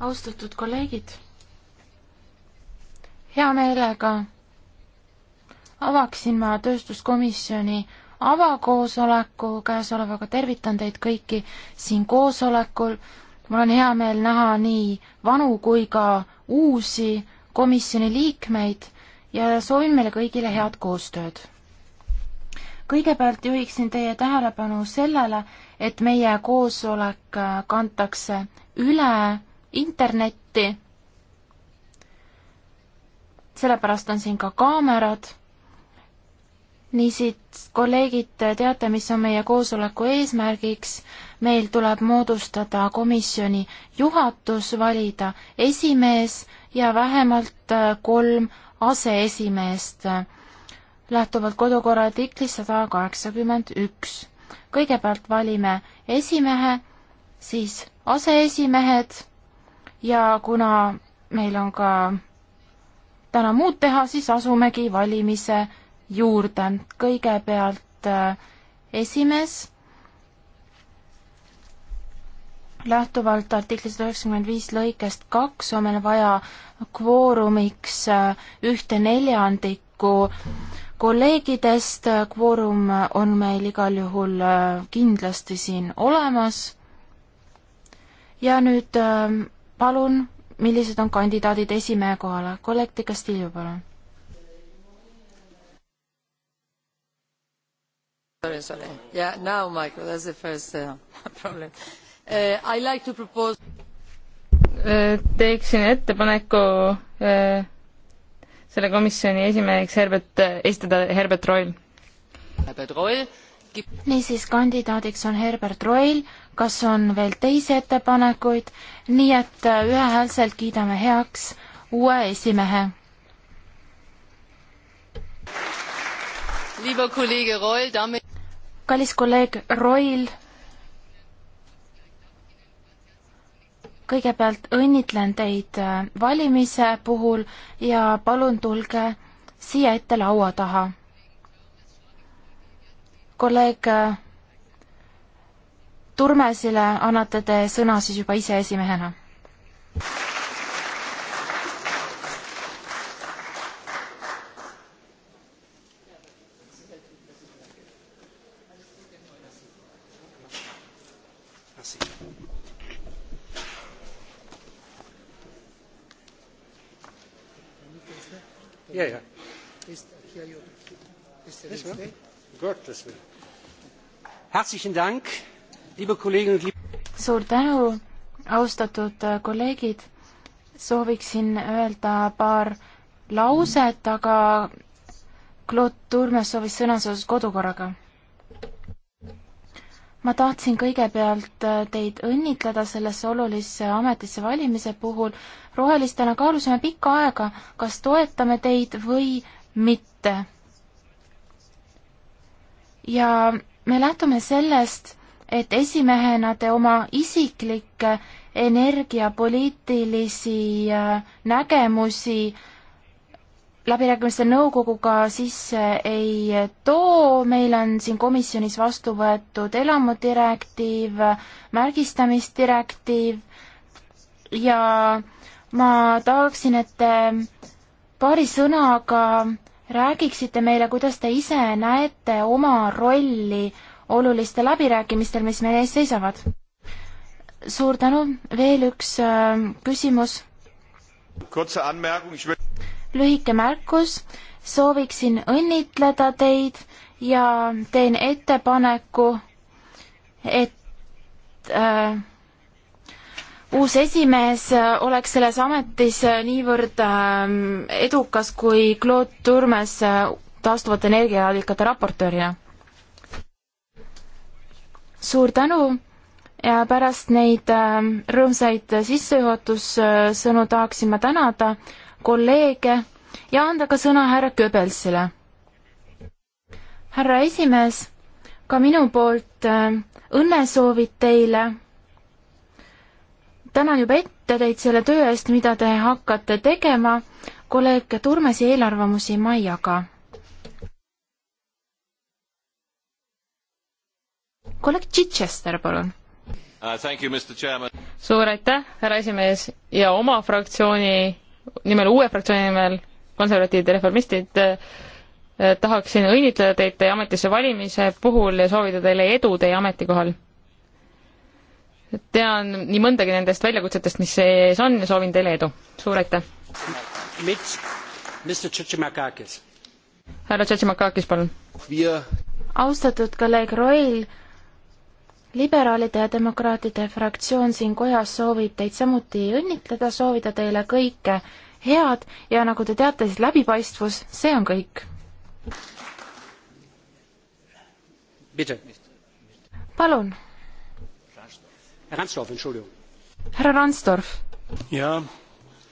austatud kolleegid, hea meelega avaksin ma tööstuskomisjoni avakoosoleku käesolevaga, tervitan teid kõiki siin koosolekul. mul on hea meel näha nii vanu kui ka uusi komisjoni liikmeid ja soovin meile kõigile head koostööd kõigepealt juhiksin teie tähelepanu sellele, et meie koosolek äh, kantakse üle internetti. sellepärast on siin ka kaamerad. niisiis, kolleegid, teate, mis on meie koosoleku eesmärgiks? meil tuleb moodustada komisjoni juhatus, valida esimees ja vähemalt äh, kolm aseesimeest lähtuvalt kodukorra artiklist sada kaheksakümmend üks. kõigepealt valime esimehe, siis aseesimehed ja kuna meil on ka täna muud teha, siis asumegi valimise juurde. kõigepealt äh, esimees lähtuvalt artiklist üheksakümmend viis lõikest kaks on meil vaja kvoorumiks äh, ühte neljandikku kolleegidest, kvoorum on meil igal juhul äh, kindlasti siin olemas. ja nüüd ähm, palun, millised on kandidaadid esimehe kohale? kolleeg De Castillo, palun. Sorry, sorry. Yeah, now Michael, that's the first uh, problem uh,. I like to propose. Äh, teeksin ettepaneku uh, selle komisjoni esimeheks Herbert, esitada Herbert Roil. Herbert Roil. niisiis, kandidaadiks on Herbert Roil, kas on veel teisi ettepanekuid, nii et äh, ühehäälselt kiidame heaks uue esimehe. kallis kolleeg Roil kõigepealt õnnitlen teid äh, valimise puhul ja palun tulge siia ette laua taha. kolleeg äh, Turmesile annate te sõna siis juba ise esimehena Gottes Willen. Herzlichen Dank, liebe Kolleginnen und liebe suur tänu, austatud äh, kolleegid. sooviksin öelda paar lauset, aga Claude Turmes soovis sõna seoses kodukorraga. ma tahtsin kõigepealt äh, teid õnnitleda sellesse olulisse ametisse valimise puhul. rohelistena kaalusime pikka aega, kas toetame teid või mitte ja me lähtume sellest, et esimehena te oma isiklikke energiapoliitilisi äh, nägemusi läbirääkimiste nõukoguga sisse ei too, meil on siin komisjonis vastu võetud elamudirektiiv, märgistamisdirektiiv ja ma tahaksin, et te paari sõnaga räägiksite meile, kuidas te ise näete oma rolli oluliste läbirääkimistel, mis meil ees seisavad? suur tänu, veel üks äh, küsimus. lühike märkus, sooviksin õnnitleda teid ja teen ettepaneku, et äh, uus esimees äh, oleks selles ametis äh, niivõrd ähm, edukas kui Claude Turmes äh, taastuvate energiaallikate raportöörina. suur tänu ja pärast neid ähm, rõõmsaid sissejuhatussõnu tahaksin ma tänada kolleege ja anda ka sõna härra Goebbelsile. härra esimees, ka minu poolt õnnesoovid teile tänan juba ette teid selle töö eest, mida te hakkate tegema. kolleeg Turmesi eelarvamusi ma ei jaga. kolleeg Chichester, palun uh,. suur aitäh, härra esimees ja oma fraktsiooni nimel, uue fraktsiooni nimel, konservatiivid ja reformistid eh,, tahaksin õnnitleda teid teie ametisse valimise puhul ja soovida teile edu teie ametikohal tean nii mõndagi nendest väljakutsetest, mis ees on ja soovin teile edu. suur aitäh! härra Tšetšimakakis, palun! austatud kolleeg Roil, liberaalide ja demokraatide fraktsioon siin kojas soovib teid samuti õnnitleda, soovida teile kõike head ja nagu te teate, siis läbipaistvus, see on kõik. palun Herr Ransdorf, Entschuldigung. Herr Ransdorf. Ja,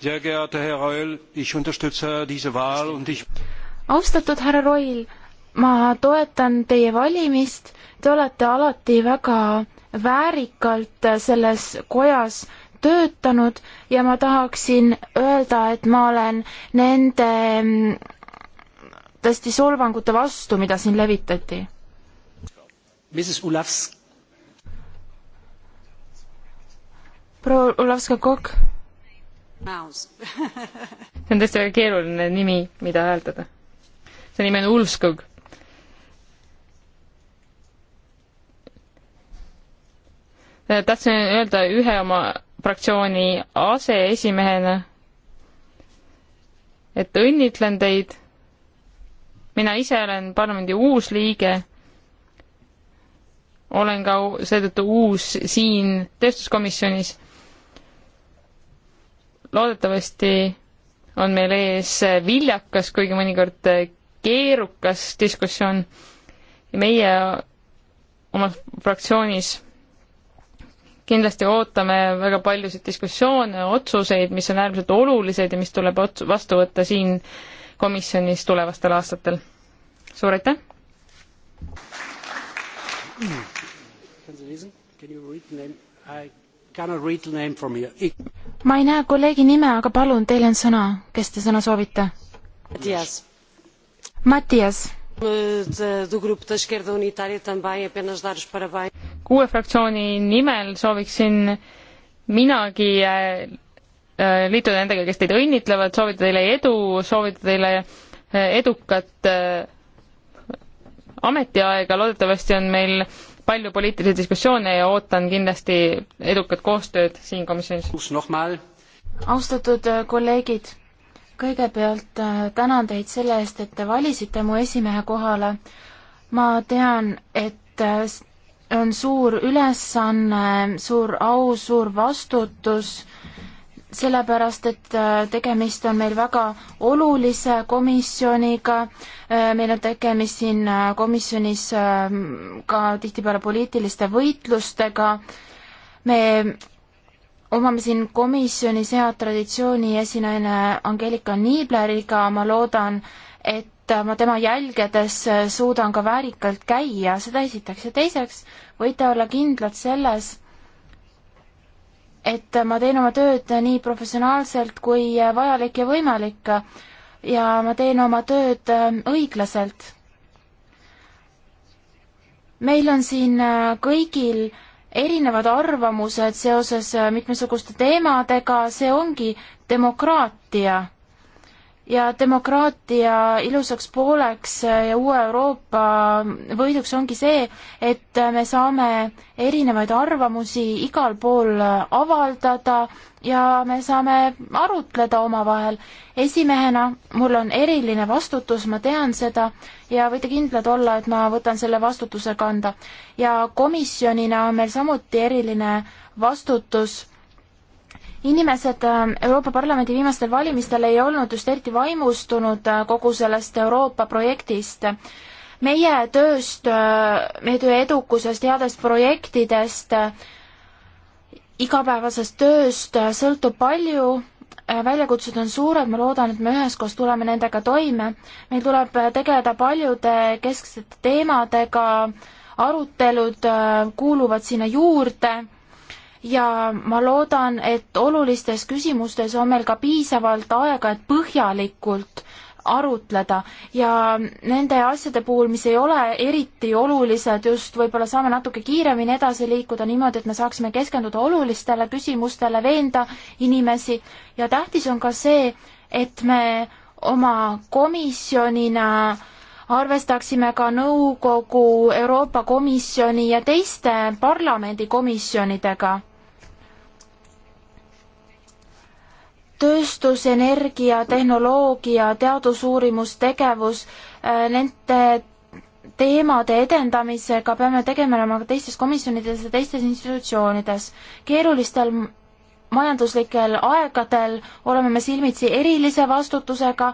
sehr geehrter Herr Reul, ich unterstütze diese Wahl und ich austatud härra Roil, ma toetan teie valimist, te olete alati väga väärikalt selles kojas töötanud ja ma tahaksin öelda, et ma olen nende mm, tõesti solvangute vastu, mida siin levitati. proua Olavska-Kokk. see on tõesti väga keeruline nimi, mida hääldada. see nimi on Ulfskog. Äh, tahtsin öelda ühe oma fraktsiooni aseesimehena, et õnnitlen teid. mina ise olen parlamendi uus liige olen ka seetõttu uus siin tööstuskomisjonis loodetavasti on meil ees viljakas, kuigi mõnikord keerukas diskussioon ja meie oma fraktsioonis kindlasti ootame väga paljusid diskussioone, otsuseid, mis on äärmiselt olulised ja mis tuleb ots-, vastu võtta siin komisjonis tulevastel aastatel. suur aitäh! Hmm. Can you read name? I ma ei näe kolleegi nime, aga palun, teil on sõna, kes te sõna soovite? Matias. Matias. E kuue fraktsiooni nimel sooviksin minagi eh, eh, liituda nendega, kes teid õnnitlevad, soovida teile edu, soovida teile eh, edukat ametiaega, loodetavasti on meil palju poliitilisi diskussioone ja ootan kindlasti edukat koostööd siin komisjonis. Noh austatud äh, kolleegid, kõigepealt äh, tänan teid selle eest, et te valisite mu esimehe kohale. ma tean, et äh, on suur ülesanne, suur au, suur vastutus sellepärast, et äh, tegemist on meil väga olulise komisjoniga, äh, meil on tegemist siin äh, komisjonis ähm, ka tihtipeale poliitiliste võitlustega, me omame siin komisjonis head traditsiooni esinaine Angelika Niibleriga, ma loodan, et ma tema jälgedes suudan ka väärikalt käia, seda esiteks, ja teiseks võite olla kindlad selles, et ma teen oma tööd nii professionaalselt kui vajalik ja võimalik ja ma teen oma tööd õiglaselt. meil on siin kõigil erinevad arvamused seoses mitmesuguste teemadega, see ongi demokraatia ja demokraatia ilusaks pooleks ja uue Euroopa võiduks ongi see, et me saame erinevaid arvamusi igal pool avaldada ja me saame arutleda omavahel. esimehena mul on eriline vastutus, ma tean seda ja võite kindlad olla, et ma võtan selle vastutuse kanda. ja komisjonina on meil samuti eriline vastutus inimesed äh, Euroopa Parlamendi viimastel valimistel ei olnud just eriti vaimustunud äh, kogu sellest Euroopa projektist. meie tööst, äh, meie töö edukusest, headest projektidest, igapäevasest tööst sõltub palju, väljakutsed on suured, ma loodan, et me üheskoos tuleme nendega toime. meil tuleb tegeleda paljude kesksete teemadega, arutelud kuuluvad sinna juurde ja ma loodan, et olulistes küsimustes on meil ka piisavalt aega, et põhjalikult arutleda ja nende asjade puhul, mis ei ole eriti olulised, just võib-olla saame natuke kiiremini edasi liikuda niimoodi, et me saaksime keskenduda olulistele küsimustele, veenda inimesi ja tähtis on ka see, et me oma komisjonina arvestaksime ka nõukogu, Euroopa Komisjoni ja teiste parlamendikomisjonidega tööstus, energia, tehnoloogia, teadusuurimustegevus, äh, nende teemade edendamisega peame tegelema ka teistes komisjonides ja teistes institutsioonides. keerulistel majanduslikel aegadel oleme me silmitsi erilise vastutusega,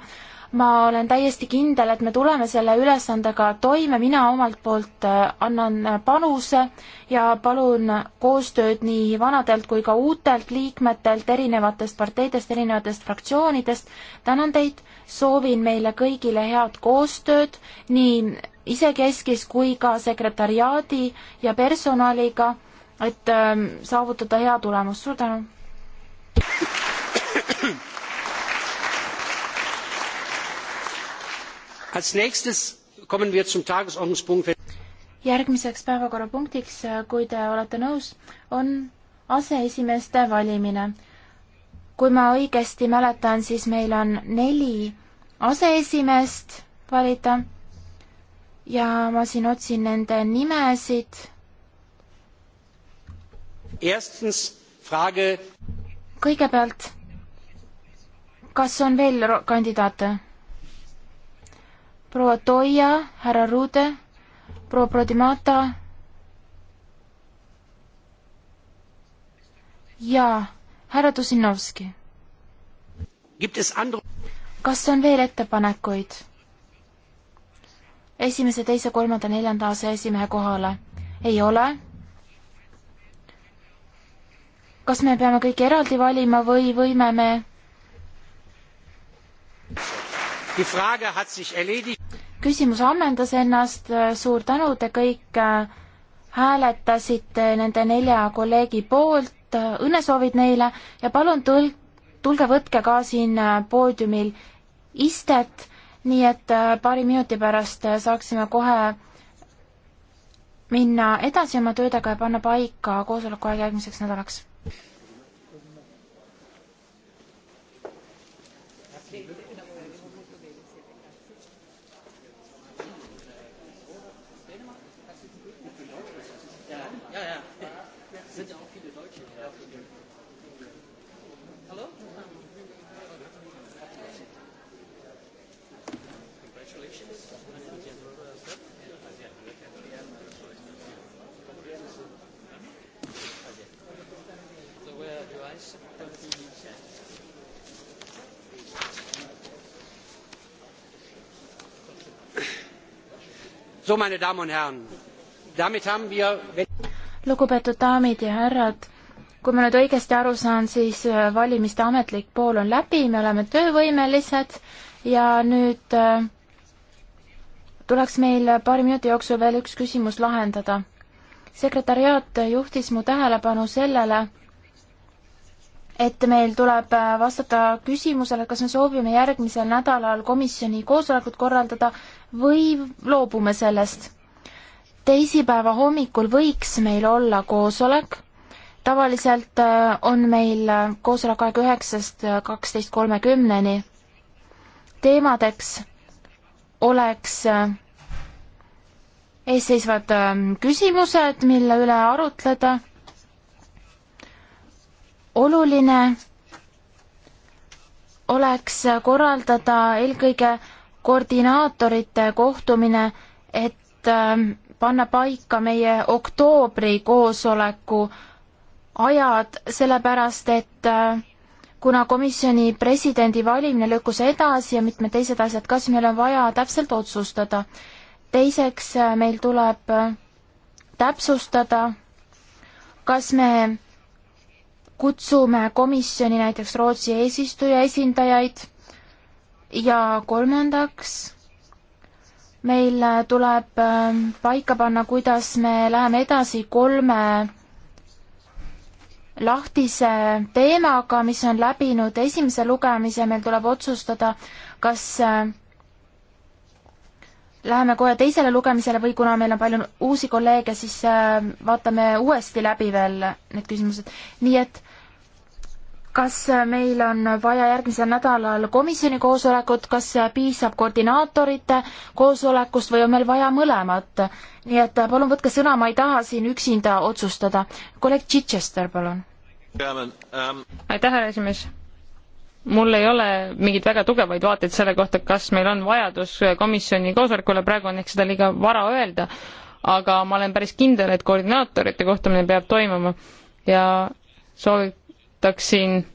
ma olen täiesti kindel, et me tuleme selle ülesandega toime, mina omalt poolt äh, annan äh, panuse ja palun koostööd nii vanadelt kui ka uutelt liikmetelt erinevatest parteidest, erinevatest fraktsioonidest. tänan teid, soovin meile kõigile head koostööd nii isekeskis kui ka sekretariaadi ja personaliga, et ähm, saavutada hea tulemus. suur tänu! järgmiseks päevakorrapunktiks, äh, kui te olete nõus, on aseesimeeste valimine. kui ma õigesti mäletan, siis meil on neli aseesimeest valida ja ma siin otsin nende nimesid. kõigepealt, kas on veel kandidaate? proua Toia, härra Ruude, proua Prodimata. ja härra Tusinovski. kas on veel ettepanekuid? esimese, teise, kolmanda, neljanda aseesimehe kohale ei ole. kas me peame kõik eraldi valima või võime me küsimus ammendas ennast, suur tänu, te kõik äh, hääletasite nende nelja kolleegi poolt, õnnesoovid neile ja palun tul-, tulge võtke ka siin äh, poodiumil istet, nii et äh, paari minuti pärast saaksime kohe minna edasi oma töödega ja panna paika koosoleku aeg järgmiseks nädalaks So, meine Damen und Herren, damit haben wir... lugupeetud daamid ja härrad, kui ma nüüd õigesti aru saan, siis äh, valimiste ametlik pool on läbi, me oleme töövõimelised ja nüüd äh, tuleks meil paari minuti jooksul veel üks küsimus lahendada sekretariaat juhtis mu tähelepanu sellele, et meil tuleb äh, vastata küsimusele, kas me soovime järgmisel nädalal komisjoni koosolekut korraldada või loobume sellest. teisipäeva hommikul võiks meil olla koosolek, tavaliselt äh, on meil äh, koosolek aeg üheksast kaksteist kolmekümneni. teemadeks oleks eesseisvad ähm, küsimused, mille üle arutleda oluline oleks korraldada eelkõige koordinaatorite kohtumine, et ähm, panna paika meie oktoobri koosoleku ajad, sellepärast et äh, kuna komisjoni presidendi valimine lükkus edasi ja mitmed teised asjad ka, siis meil on vaja täpselt otsustada. teiseks, äh, meil tuleb äh, täpsustada, kas me kutsume komisjoni näiteks Rootsi eesistuja esindajaid ja kolmandaks meil tuleb ähm, paika panna, kuidas me läheme edasi kolme lahtise teemaga, mis on läbinud esimese lugemise, meil tuleb otsustada, kas ähm, läheme kohe teisele lugemisele või kuna meil on palju uusi kolleege, siis ähm, vaatame uuesti läbi veel need küsimused. nii et kas meil on vaja järgmisel nädalal komisjoni koosolekut, kas piisab koordinaatorite koosolekust või on meil vaja mõlemat? nii et palun võtke sõna, ma ei taha siin üksinda otsustada. kolleeg Chichester, palun. Um, aitäh, härra esimees. mul ei ole mingeid väga tugevaid vaateid selle kohta, kas meil on vajadus komisjoni koosolekule, praegu on ehk seda liiga vara öelda, aga ma olen päris kindel, et koordinaatorite kohtumine peab toimuma ja soovib ootaksin,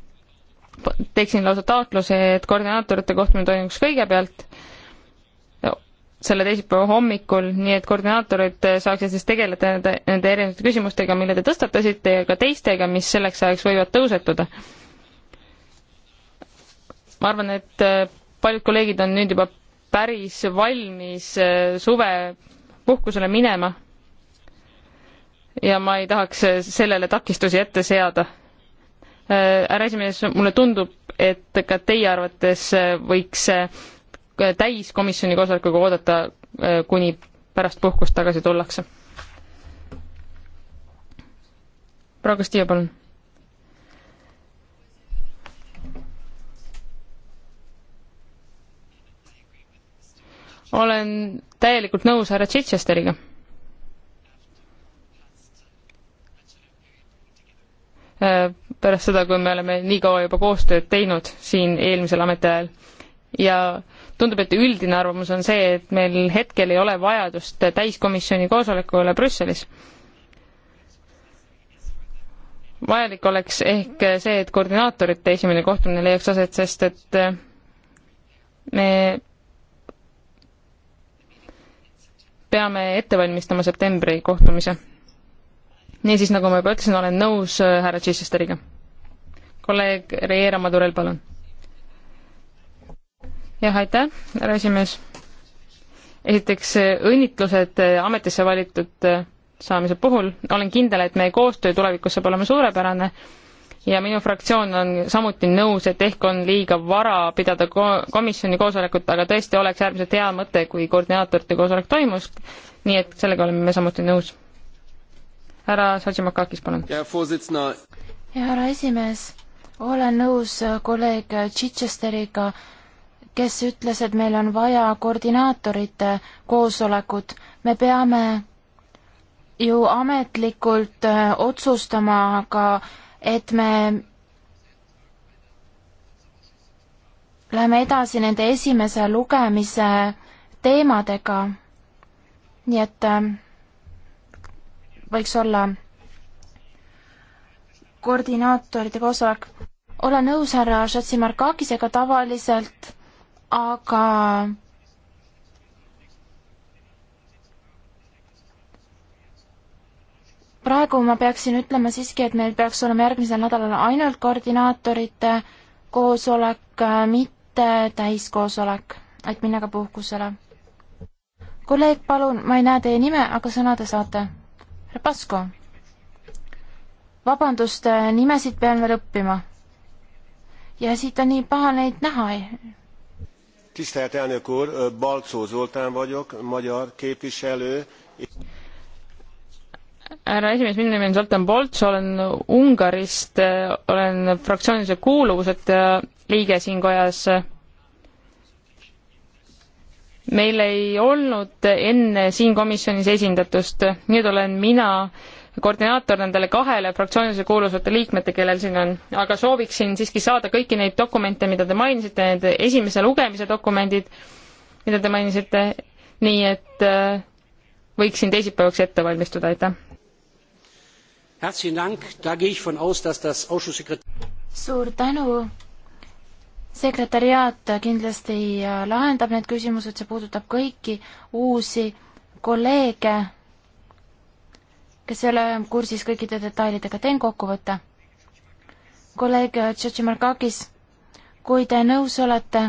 teeksin lausa taotluse, et koordinaatorite kohtumine toimuks kõigepealt selle teisipäeva hommikul, nii et koordinaatorid saaksid siis tegeleda nende, nende erinevate küsimustega, mille te tõstatasite ja ka teistega, mis selleks ajaks võivad tõusetuda. ma arvan, et äh, paljud kolleegid on nüüd juba päris valmis äh, suvepuhkusele minema. ja ma ei tahaks äh, sellele takistusi ette seada Äh, härra esimees, mulle tundub, et ka teie arvates äh, võiks äh, täiskomisjoni koosolekuga oodata, kuni pärast puhkust tagasi tullakse. proua Kastia, palun. olen täielikult nõus härra Chichesteriga pärast seda, kui me oleme nii kaua juba koostööd teinud siin eelmisel ametiajal. ja tundub, et üldine arvamus on see, et meil hetkel ei ole vajadust täiskomisjoni koosolekule Brüsselis. vajalik oleks ehk see, et koordinaatorite esimene kohtumine leiaks aset, sest et me peame ette valmistama septembri kohtumise. niisiis, nagu ma juba ütlesin, olen nõus äh, härra Chichesteriga kolleeg Reera Madurel, palun. jah, aitäh, härra esimees. esiteks õnnitlused äh, ametisse valitud äh, saamise puhul, olen kindel, et meie koostöö tulevikus saab olema suurepärane ja minu fraktsioon on samuti nõus, et ehk on liiga vara pidada ko-, komisjoni koosolekut, aga tõesti oleks äärmiselt hea mõte, kui koordinaatorite koosolek toimus, nii et sellega oleme me samuti nõus. härra Sotsimakakis, palun. ja härra esimees olen nõus äh, kolleeg Chichesteriga, kes ütles, et meil on vaja koordinaatorite koosolekut. me peame ju ametlikult äh, otsustama ka, et me läheme edasi nende esimese lugemise teemadega. nii et äh, võiks olla koordinaatoride koosolek. olen nõus härra Šatsimarkakisega tavaliselt, aga praegu ma peaksin ütlema siiski, et meil peaks olema järgmisel nädalal ainult koordinaatorite koosolek, mitte täiskoosolek, et minna ka puhkusele. kolleeg, palun, ma ei näe teie nime, aga sõna te saate. Repasko vabandust, äh, nimesid pean veel õppima. ja siit on nii paha neid näha. tisztelt elnök úr, Balczó Zoltán vagyok, magyar képviselő. härra esimees, minu nimi on Zoltán Balczó, olen Ungarist, olen fraktsioonilise kuuluvuseta liige siin kojas meil ei olnud enne siin komisjonis esindatust, nüüd olen mina koordinaator nendele kahele fraktsioonilise kuuluvate liikmete, kellel siin on, aga sooviksin siiski saada kõiki neid dokumente, mida te mainisite, need esimese lugemise dokumendid, mida te mainisite, nii et äh, võiksin teisipäevaks ette valmistuda, aitäh. suur tänu. sekretäriaat kindlasti lahendab need küsimused, see puudutab kõiki uusi kolleege kes ei ole kursis kõikide detailidega, teen kokkuvõtte. kolleeg Tšetšimarkakis, kui te nõus olete,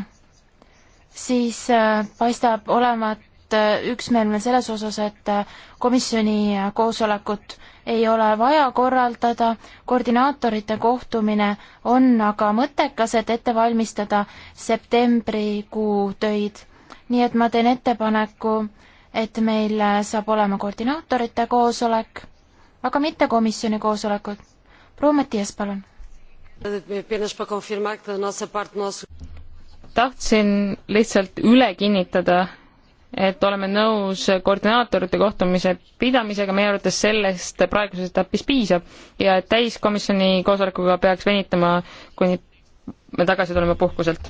siis äh, paistab olevat äh, üksmeelne selles osas, et äh, komisjoni koosolekut ei ole vaja korraldada, koordinaatorite kohtumine on aga mõttekas, et ette valmistada septembrikuu töid. nii et ma teen ettepaneku äh, et meil äh, saab olema koordinaatorite koosolek, aga mitte komisjoni koosolekud. proua Mattias, palun. tahtsin lihtsalt üle kinnitada, et oleme nõus koordinaatorite kohtumise pidamisega, meie arvates sellest praeguses etapis piisab ja et täiskomisjoni koosolekuga peaks venitama kuni me tagasi tuleme puhkuselt.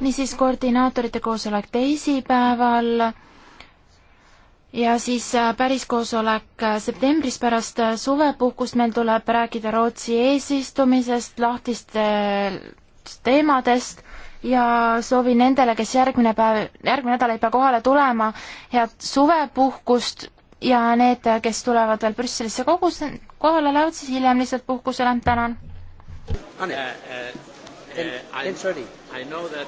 niisiis, koordinaatorite koosolek teisipäeval ja siis äh, päris koosolek äh, septembris pärast äh, suvepuhkust, meil tuleb rääkida Rootsi eesistumisest, lahtistest teemadest ja soovin nendele, kes järgmine päev, järgmine nädal ei pea kohale tulema, head suvepuhkust ja need, kes tulevad veel Brüsselisse kogus, kohale lähevad siis hiljem lihtsalt puhkusele, tänan! Anne, uh, uh, 10, uh, 10.30. I know that